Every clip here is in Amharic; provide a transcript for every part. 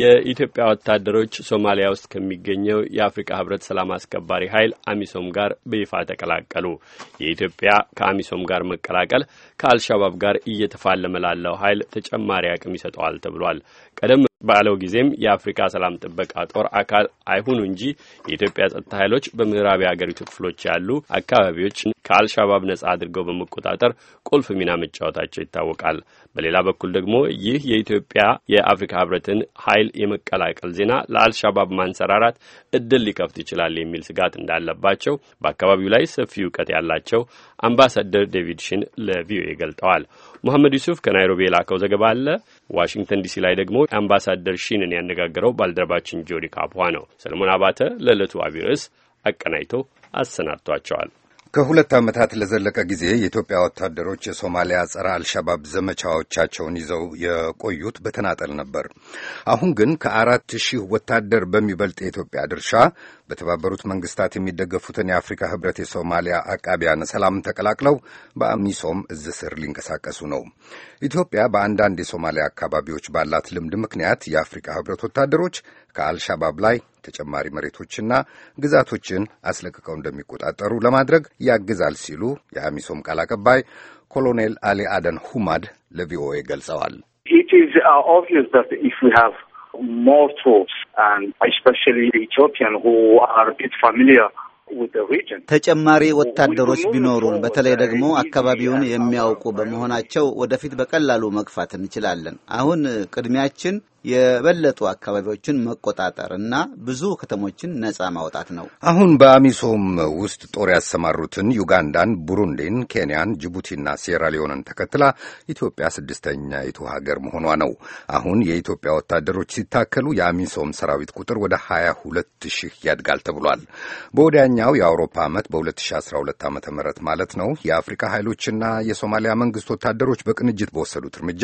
የኢትዮጵያ ወታደሮች ሶማሊያ ውስጥ ከሚገኘው የአፍሪካ ህብረት ሰላም አስከባሪ ኃይል አሚሶም ጋር በይፋ ተቀላቀሉ። የኢትዮጵያ ከአሚሶም ጋር መቀላቀል ከአልሻባብ ጋር እየተፋለመ ላለው ኃይል ተጨማሪ አቅም ይሰጠዋል ተብሏል። ቀደም ባለው ጊዜም የአፍሪካ ሰላም ጥበቃ ጦር አካል አይሁኑ እንጂ የኢትዮጵያ ጸጥታ ኃይሎች በምዕራብ የአገሪቱ ክፍሎች ያሉ አካባቢዎች ከአልሻባብ ነጻ አድርገው በመቆጣጠር ቁልፍ ሚና መጫወታቸው ይታወቃል። በሌላ በኩል ደግሞ ይህ የኢትዮጵያ የአፍሪካ ህብረትን ኃይል የመቀላቀል ዜና ለአልሻባብ ማንሰራራት እድል ሊከፍት ይችላል የሚል ስጋት እንዳለባቸው በአካባቢው ላይ ሰፊ እውቀት ያላቸው አምባሳደር ዴቪድ ሽን ለቪኦኤ ገልጠዋል። መሐመድ ዩሱፍ ከናይሮቢ የላከው ዘገባ አለ። ዋሽንግተን ዲሲ ላይ ደግሞ አምባሳደር ሺንን ያነጋገረው ባልደረባችን ጆዲ ካፖዋ ነው። ሰለሞን አባተ ለዕለቱ አቢይ ርዕስ አቀናጅቶ አሰናድቷቸዋል። ከሁለት ዓመታት ለዘለቀ ጊዜ የኢትዮጵያ ወታደሮች የሶማሊያ ጸረ አልሸባብ ዘመቻዎቻቸውን ይዘው የቆዩት በተናጠል ነበር። አሁን ግን ከአራት ሺህ ወታደር በሚበልጥ የኢትዮጵያ ድርሻ በተባበሩት መንግስታት የሚደገፉትን የአፍሪካ ህብረት የሶማሊያ አቃቢያን ሰላም ተቀላቅለው በአሚሶም እዝ ስር ሊንቀሳቀሱ ነው። ኢትዮጵያ በአንዳንድ የሶማሊያ አካባቢዎች ባላት ልምድ ምክንያት የአፍሪካ ህብረት ወታደሮች ከአልሻባብ ላይ ተጨማሪ መሬቶችና ግዛቶችን አስለቅቀው እንደሚቆጣጠሩ ለማድረግ ያግዛል ሲሉ የአሚሶም ቃል አቀባይ ኮሎኔል አሊ አደን ሁማድ ለቪኦኤ ገልጸዋል። uh, ተጨማሪ ወታደሮች ቢኖሩን በተለይ ደግሞ አካባቢውን የሚያውቁ በመሆናቸው ወደፊት በቀላሉ መግፋት እንችላለን። አሁን ቅድሚያችን የበለጡ አካባቢዎችን መቆጣጠር እና ብዙ ከተሞችን ነጻ ማውጣት ነው። አሁን በአሚሶም ውስጥ ጦር ያሰማሩትን ዩጋንዳን፣ ቡሩንዲን፣ ኬንያን፣ ጅቡቲና ሴራሊዮንን ተከትላ ኢትዮጵያ ይቱ ሀገር መሆኗ ነው። አሁን የኢትዮጵያ ወታደሮች ሲታከሉ የአሚሶም ሰራዊት ቁጥር ወደ 22 ሺህ ያድጋል ተብሏል። በወዲያኛው የአውሮፓ ዓመት በ2012 ዓ ም ማለት ነው የአፍሪካ ኃይሎችና የሶማሊያ መንግስት ወታደሮች በቅንጅት በወሰዱት እርምጃ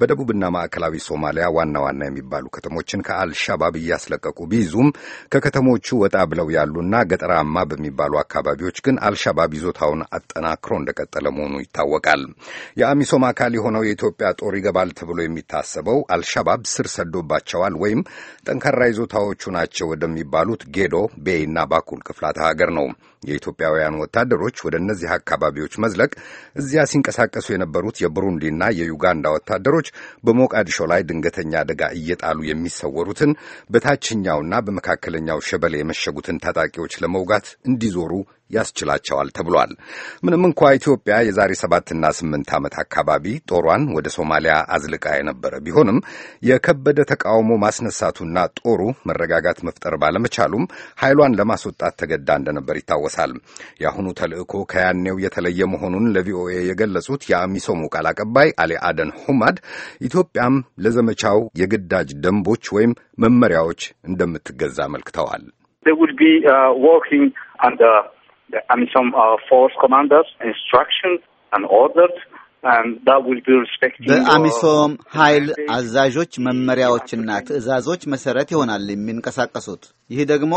በደቡብና ማዕከላዊ ሶማሊያ ዋና ዋና የሚባሉ ከተሞችን ከአልሻባብ እያስለቀቁ ቢይዙም ከከተሞቹ ወጣ ብለው ያሉና ገጠራማ በሚባሉ አካባቢዎች ግን አልሻባብ ይዞታውን አጠናክሮ እንደቀጠለ መሆኑ ይታወቃል። የአሚሶም አካል የሆነው የኢትዮጵያ ጦር ይገባል ተብሎ የሚታሰበው አልሻባብ ስር ሰዶባቸዋል ወይም ጠንካራ ይዞታዎቹ ናቸው ወደሚባሉት ጌዶ፣ ቤይ ባኩል ክፍላተ ሀገር ነው። የኢትዮጵያውያን ወታደሮች ወደ እነዚህ አካባቢዎች መዝለቅ እዚያ ሲንቀሳቀሱ የነበሩት የቡሩንዲና የዩጋንዳ ወታደሮች በሞቃዲሾ ላይ ድንገተኛ አደጋ አደጋ እየጣሉ የሚሰወሩትን በታችኛውና በመካከለኛው ሸበሌ የመሸጉትን ታጣቂዎች ለመውጋት እንዲዞሩ ያስችላቸዋል ተብሏል። ምንም እንኳ ኢትዮጵያ የዛሬ ሰባትና ስምንት ዓመት አካባቢ ጦሯን ወደ ሶማሊያ አዝልቃ የነበረ ቢሆንም የከበደ ተቃውሞ ማስነሳቱና ጦሩ መረጋጋት መፍጠር ባለመቻሉም ኃይሏን ለማስወጣት ተገዳ እንደነበር ይታወሳል። የአሁኑ ተልዕኮ ከያኔው የተለየ መሆኑን ለቪኦኤ የገለጹት የአሚሶሙ ቃል አቀባይ አሊ አደን ሁማድ ኢትዮጵያም ለዘመቻው የግዳጅ ደንቦች ወይም መመሪያዎች እንደምትገዛ አመልክተዋል። uh, the AMISOM uh, force commanders instructions and orders. በአሚሶም ኃይል አዛዦች መመሪያዎችና ትዕዛዞች መሰረት ይሆናል የሚንቀሳቀሱት። ይህ ደግሞ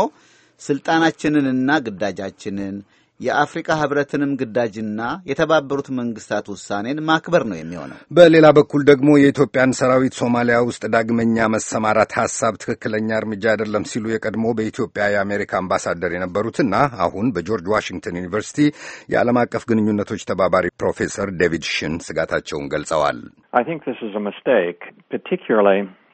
ስልጣናችንንና ግዳጃችንን የአፍሪካ ህብረትንም ግዳጅና የተባበሩት መንግስታት ውሳኔን ማክበር ነው የሚሆነው። በሌላ በኩል ደግሞ የኢትዮጵያን ሰራዊት ሶማሊያ ውስጥ ዳግመኛ መሰማራት ሐሳብ ትክክለኛ እርምጃ አይደለም ሲሉ የቀድሞ በኢትዮጵያ የአሜሪካ አምባሳደር የነበሩትና አሁን በጆርጅ ዋሽንግተን ዩኒቨርሲቲ የዓለም አቀፍ ግንኙነቶች ተባባሪ ፕሮፌሰር ዴቪድ ሽን ስጋታቸውን ገልጸዋል።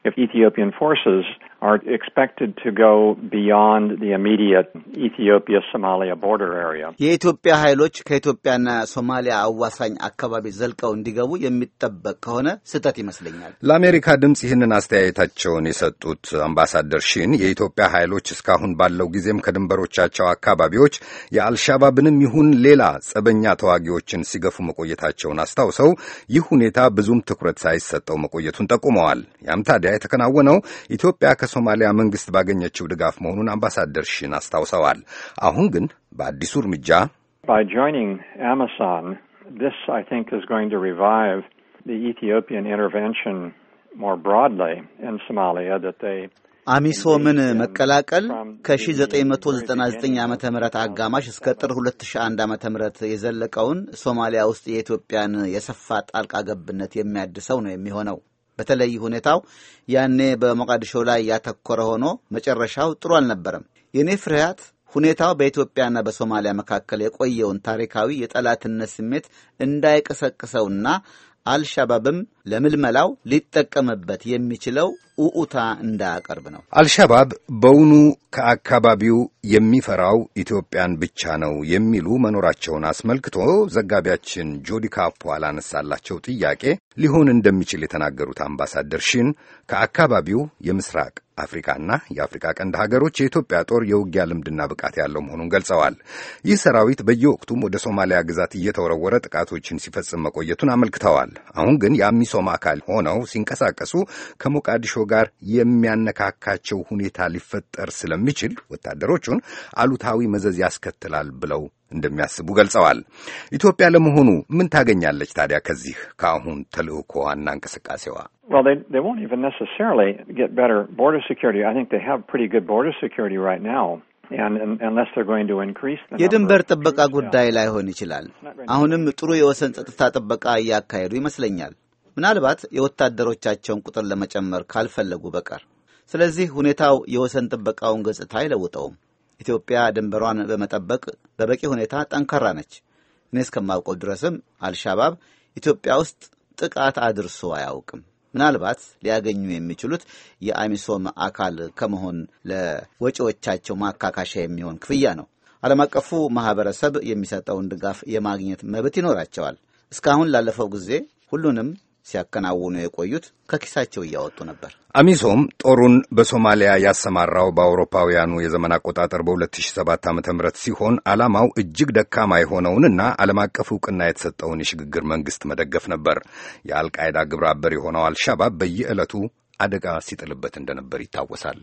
if Ethiopian forces are expected to go beyond the immediate Ethiopia Somalia border area. የኢትዮጵያ ኃይሎች ከኢትዮጵያና ሶማሊያ አዋሳኝ አካባቢ ዘልቀው እንዲገቡ የሚጠበቅ ከሆነ ስህተት ይመስለኛል። ለአሜሪካ ድምፅ ይህንን አስተያየታቸውን የሰጡት አምባሳደር ሺን የኢትዮጵያ ኃይሎች እስካሁን ባለው ጊዜም ከድንበሮቻቸው አካባቢዎች የአልሻባብንም ይሁን ሌላ ጸበኛ ተዋጊዎችን ሲገፉ መቆየታቸውን አስታውሰው ይህ ሁኔታ ብዙም ትኩረት ሳይሰጠው መቆየቱን ጠቁመዋል። ያም ታዲያ የተከናወነው ኢትዮጵያ ከሶማሊያ መንግስት ባገኘችው ድጋፍ መሆኑን አምባሳደር ሺን አስታውሰዋል። አሁን ግን በአዲሱ እርምጃ አሚሶምን መቀላቀል ከ1999 ዓ ም አጋማሽ እስከ ጥር 2001 ዓ ም የዘለቀውን ሶማሊያ ውስጥ የኢትዮጵያን የሰፋ ጣልቃ ገብነት የሚያድሰው ነው የሚሆነው። በተለይ ሁኔታው ያኔ በሞቃዲሾ ላይ ያተኮረ ሆኖ መጨረሻው ጥሩ አልነበረም። የእኔ ፍርሃት ሁኔታው በኢትዮጵያና በሶማሊያ መካከል የቆየውን ታሪካዊ የጠላትነት ስሜት እንዳይቀሰቅሰውና አልሻባብም ለምልመላው ሊጠቀምበት የሚችለው ኡኡታ እንዳያቀርብ ነው። አልሻባብ በውኑ ከአካባቢው የሚፈራው ኢትዮጵያን ብቻ ነው የሚሉ መኖራቸውን አስመልክቶ ዘጋቢያችን ጆዲ ካፖ ላነሳላቸው ጥያቄ ሊሆን እንደሚችል የተናገሩት አምባሳደር ሺን ከአካባቢው የምስራቅ አፍሪካና የአፍሪካ ቀንድ ሀገሮች የኢትዮጵያ ጦር የውጊያ ልምድና ብቃት ያለው መሆኑን ገልጸዋል። ይህ ሰራዊት በየወቅቱም ወደ ሶማሊያ ግዛት እየተወረወረ ጥቃቶችን ሲፈጽም መቆየቱን አመልክተዋል። አሁን ግን የአሚሶ የሚሶም አካል ሆነው ሲንቀሳቀሱ ከሞቃዲሾ ጋር የሚያነካካቸው ሁኔታ ሊፈጠር ስለሚችል ወታደሮቹን አሉታዊ መዘዝ ያስከትላል ብለው እንደሚያስቡ ገልጸዋል። ኢትዮጵያ ለመሆኑ ምን ታገኛለች ታዲያ ከዚህ ከአሁን ዋና እንቅስቃሴዋ? Well, they they won't even necessarily get better border security. I think they have pretty good border security right now. የድንበር ጥበቃ ጉዳይ ላይሆን ይችላል። አሁንም ጥሩ የወሰን ጸጥታ ጥበቃ እያካሄዱ ይመስለኛል። ምናልባት የወታደሮቻቸውን ቁጥር ለመጨመር ካልፈለጉ በቀር። ስለዚህ ሁኔታው የወሰን ጥበቃውን ገጽታ አይለውጠውም። ኢትዮጵያ ድንበሯን በመጠበቅ በበቂ ሁኔታ ጠንካራ ነች። እኔ እስከማውቀው ድረስም አልሻባብ ኢትዮጵያ ውስጥ ጥቃት አድርሶ አያውቅም። ምናልባት ሊያገኙ የሚችሉት የአሚሶም አካል ከመሆን ለወጪዎቻቸው ማካካሻ የሚሆን ክፍያ ነው። ዓለም አቀፉ ማህበረሰብ የሚሰጠውን ድጋፍ የማግኘት መብት ይኖራቸዋል። እስካሁን ላለፈው ጊዜ ሁሉንም ሲያከናውኑ የቆዩት ከኪሳቸው እያወጡ ነበር። አሚሶም ጦሩን በሶማሊያ ያሰማራው በአውሮፓውያኑ የዘመን አቆጣጠር በ2007 ዓ ም ሲሆን ዓላማው እጅግ ደካማ የሆነውንና ዓለም አቀፍ እውቅና የተሰጠውን የሽግግር መንግሥት መደገፍ ነበር። የአልቃይዳ ግብረ አበር የሆነው አልሻባብ በየዕለቱ አደጋ ሲጥልበት እንደነበር ይታወሳል።